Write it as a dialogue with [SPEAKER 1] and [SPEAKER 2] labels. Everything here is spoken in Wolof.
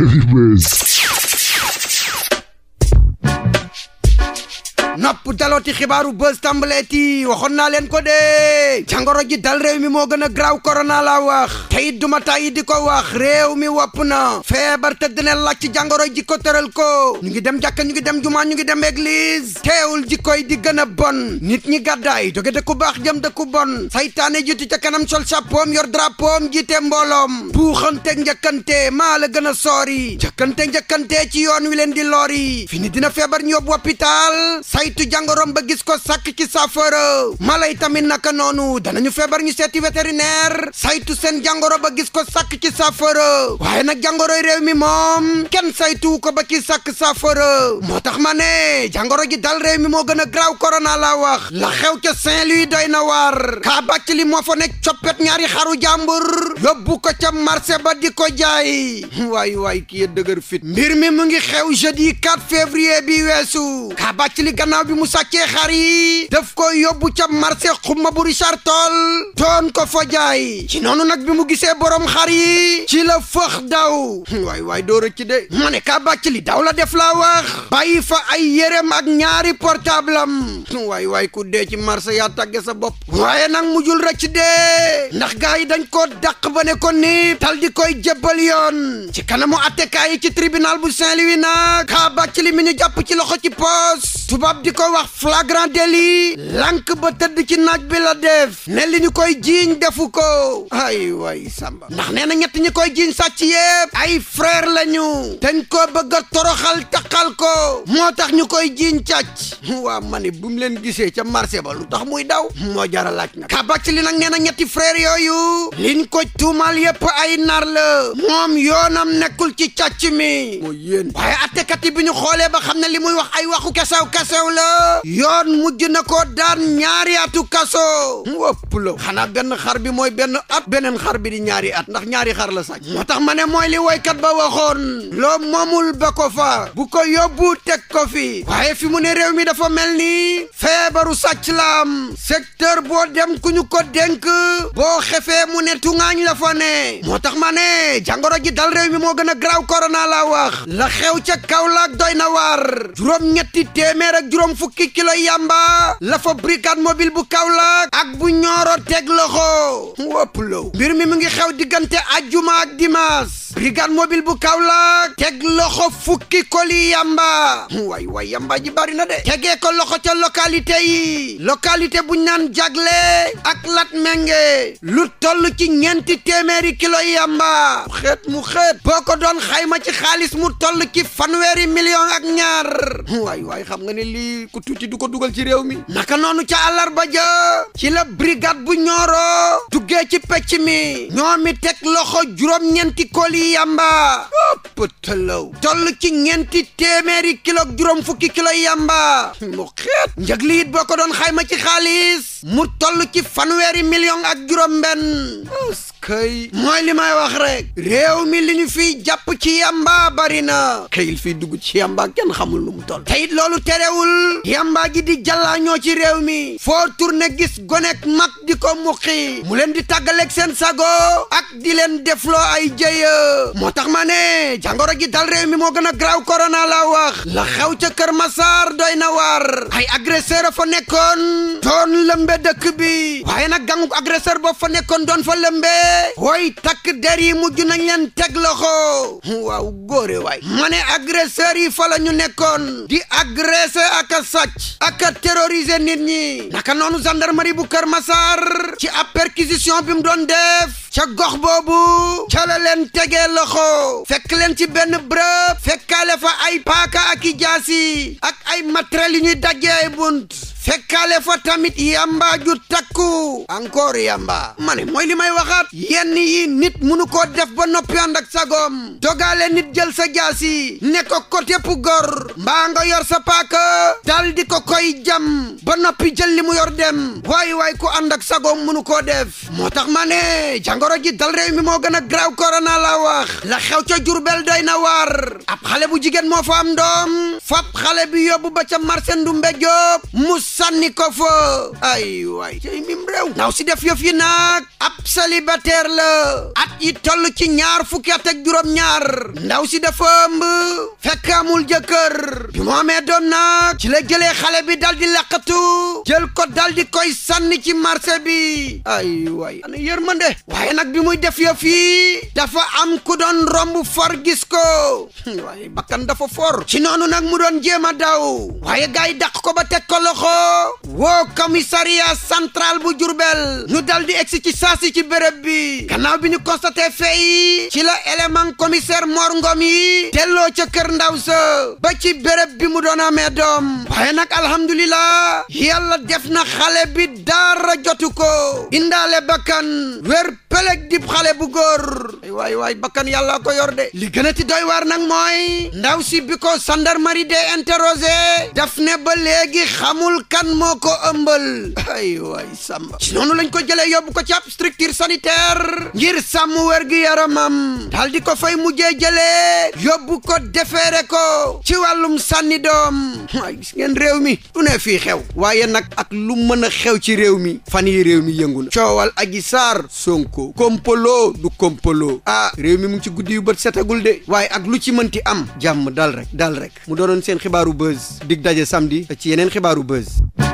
[SPEAKER 1] Anyways. nopp dalooti xibaaru buzz tàmbaleeti waxoon naa leen ko dee jàngoro ji dal réew mi moo gën a graaw korona a wax te it duma tàyyi di ko wax réew mi wopp na feebar te dina laaj ci jàngoro ji ko tëral ko ñu ngi dem jàkka ñu ngi dem jumaa ñu ngi dem église teewul ji koy di gën a bon nit ñi gàddaay jóge dëkku baax jëm dëkku bon saytaane jiitu ca kanam sol chapeau yor drapeau jiite mbooloom puuxante njëkkante maa la gën a soori njëkkante njëkkante ci yoon wi leen di lori fini saytu jàngoroom ba gis ko sàkk ci saafara mala yi tamit naka noonu danañu feebar ñu seeti vétérinaire saytu seen jàngoro ba gis ko sakk ci saafara waaye nag jàngoroy réew mi moom kenn saytu ko ba ci sàkk saafara moo tax ma ne jàngoro ji dal réew mi moo gën a graaw corona laa wax la xew ca Saint-Louis doy na waar kaa bàcc li moo fa nekk coppet ñaari xaru jàmbur yóbbu ko ca marché ba di ko jaay waay waay kii dëgër fit mbir mi mu ngi xew jeudi 4 février bi weesu kaa bàcc ginnaaw bi mu sàccee xar yi daf ko yóbbu ca marché xumma bu Richard Toll doon ko fa jaay ci noonu nag bi mu gisee borom xar yi ci la fëx daw waay waay doo rëcc de ma ne kaa bàcc li daw la def laa wax bàyyi fa ay yérem ak ñaari portable am waay waay ku dee ci marché yaa tàgge sa bopp waaye nag mujjul rëcc de ndax gaa yi dañ ko daq ba ne ko ni tal di koy jébbal yoon ci kanamu attekaay yi ci tribunal bu Saint-Louis nag kaa bàcc li mi ñu jàpp ci loxo ci poos tubaab di ko wax flagrant délit lank ba tëdd ci naaj bi la def ne li ñu koy jiiñ defu ko ay way samba ndax nee na ñett ñi koy jiiñ sàcc yépp ay frère lañu dañ ko bëgg a toroxal taqal ko moo tax ñu koy jiiñ càcc waa ma ne bu leen gisee ca marché ba lu tax muy daw moo jara na nag ci li nag nee na ñetti frère yooyu liñ ko tuumal yépp ay nar la moom yoonam nekkul ci càcc mi moo yéen waaye attekat yi bi ñu xoolee ba xam ne li muy wax ay waxu kesew kesew la yoon mujj na ko daan ñaari atu kaso wëpp la xanaa benn xar bi mooy benn at beneen xar bi di ñaari at ndax ñaari xar la sàcc moo tax ma ne mooy li woykat ba waxoon loo moomul ba ko fa bu ko yóbbu teg ko fi waaye fi mu ne réew mi dafa mel ni feebaru sàcc la am secteur boo dem ku ñu ko dénk boo xefee mu ne tungaañ la fa ne moo tax ma ne jàngoro ji dal réew mi moo gën a graaw korona la wax la xew ca Kaolack doy na waar juróom ñetti téeméer ak juróom juróom fukki kilo yamba la fa mobile bu Kaolack ak bu ñooro teg loxo mbir mi mu ngi xew diggante ajjuma ak dimanche brigade mobile bu Kaolack teg loxo fukki koli yamba waay waay yamba ji bari na de tegee ko loxo ca localité yi localité bu naan jagle ak lat menge lu toll ci ñeenti téeméeri kilo yamba xeet mu xeet boo ko doon xayma ci xaalis mu toll ci fanweeri million ak ñaar waay waay xam nga ne lii ku tuuti du ko dugal ci réew mi naka noonu ca àllarba ja ci la brigade bu ñooro duggee ci pecc mi ñoomi teg loxo juróom-ñeenti koli yamba pëtalaw toll ci ñeenti téeméeri kilo ak juróom fukki kilo yamba mu xeet njëg li boo ko doon xayma ci xaalis mu toll ci fanweeri million ak juróom benn kay mooy li may wax rek réew mi li ñu fiy jàpp ci yamba bari na kayil fi dugg ci yamba kenn xamul lu toll te loolu terewul yamba gi di jalla ñoo ci réew mi foo tourné gis gonek mag di ko muqi mu leen di tàggaleeg seen sago ak di leen defloo ay jëya moo tax ma ne jàngoro gi dal réew mi moo gën a graw korona la wax la xew ca Kër Masaar doy na waar ay agresseur fa nekkoon doon lëmbe dëkk bi waaye nag gànguk agresseur boo fa nekkoon doon fa lëmbe way takk der yi mujj nañ leen teg loxo waaw góore waay ma ne agresseurs yi fa la ñu nekkoon di agressé ak a sàcc ak a terroriser nit ñi naka noonu gendarmerie bu Kër Massar ci ab perquisition bi mu doon def ca gox boobu ca la loxo fekk leen ci benn bërëb fekkaale fa ay paaka ak i jaasi ak ay matériels yu ñuy daggee ay bunt fekkaale fa tamit yamba ju takku encore yamba ma ne mooy li may waxaat yenn yi nit munu koo def ba noppi ànd ak sagoom dogaale nit jël sa jaasi ne ko kotépp gor mbaa nga yor sa paaka dal di ko koy jam ba noppi jël li mu yor dem waay waay ko ànd ak sagoom munu koo def moo tax ma ne jàngoro ji dal réew mi moo gën a graw korona la wax la xew ca Jurbel doy na war ab xale bu jigéen moo fa am doom fab xale bi yóbbu ba ca marché Ndumbe Jóob mus sànni ko fa ay waay tey mim réew ndaw si def yëf yi nag ab célibataire la at yi toll ci ñaar fukki at ak juróom-ñaar ndaw si dafa ëmb fekk amul jëkkër bi mu amee doom nag ci la jëlee xale bi dal di laqatu jël ko dal koy sànni ci marché bi ay waay ana yërmande waaye nag bi muy def yo fii dafa am ku doon romb for gis ko hmm, waaye bakkan dafa for ci noonu nag mu doon jéem a daw waaye gars yi ko ba teg ko loxo woo commissariat central bu Diourbel ñu dal di egsi ci saasi ci béréb bi gannaaw bi ñu constaté fait ci la élément commissaire Mor Ngom yi delloo ca kër ndaw sa ba ci béréb bi mu doon amee doom waaye nag alhamdulillah yàlla def na xale bi dara jotu ko indaale bakkan wér peleg dib xale bu góor ay bakkan yàlla ko yor de li gën a ti doy waar nag mooy ndaw si bi ko gendarmerie de interrogé daf ba léegi xamul kan moo ko ëmbal ay noonu lañ ko jëlee yóbbu ko ci ab structure sanitaire ngir sàmm wér gi yaramam di ko fay mujjee jëlee yóbbu ko defeere ko ci wàllum sànni doom waaye gis ngeen réew mi du ne fii xew waaye nag ak lu mën a xew ci réew mi fan yi réew mi yëngu na coowal Adji saar Sonko kompolo du kompolo ah réew mi mu ci guddi yu bët setagul de waaye ak lu ci mënti am jàmm dal rek dal rek mu doonoon seen xibaaru buzz dig daje samedi ci yeneen xibaaru buzz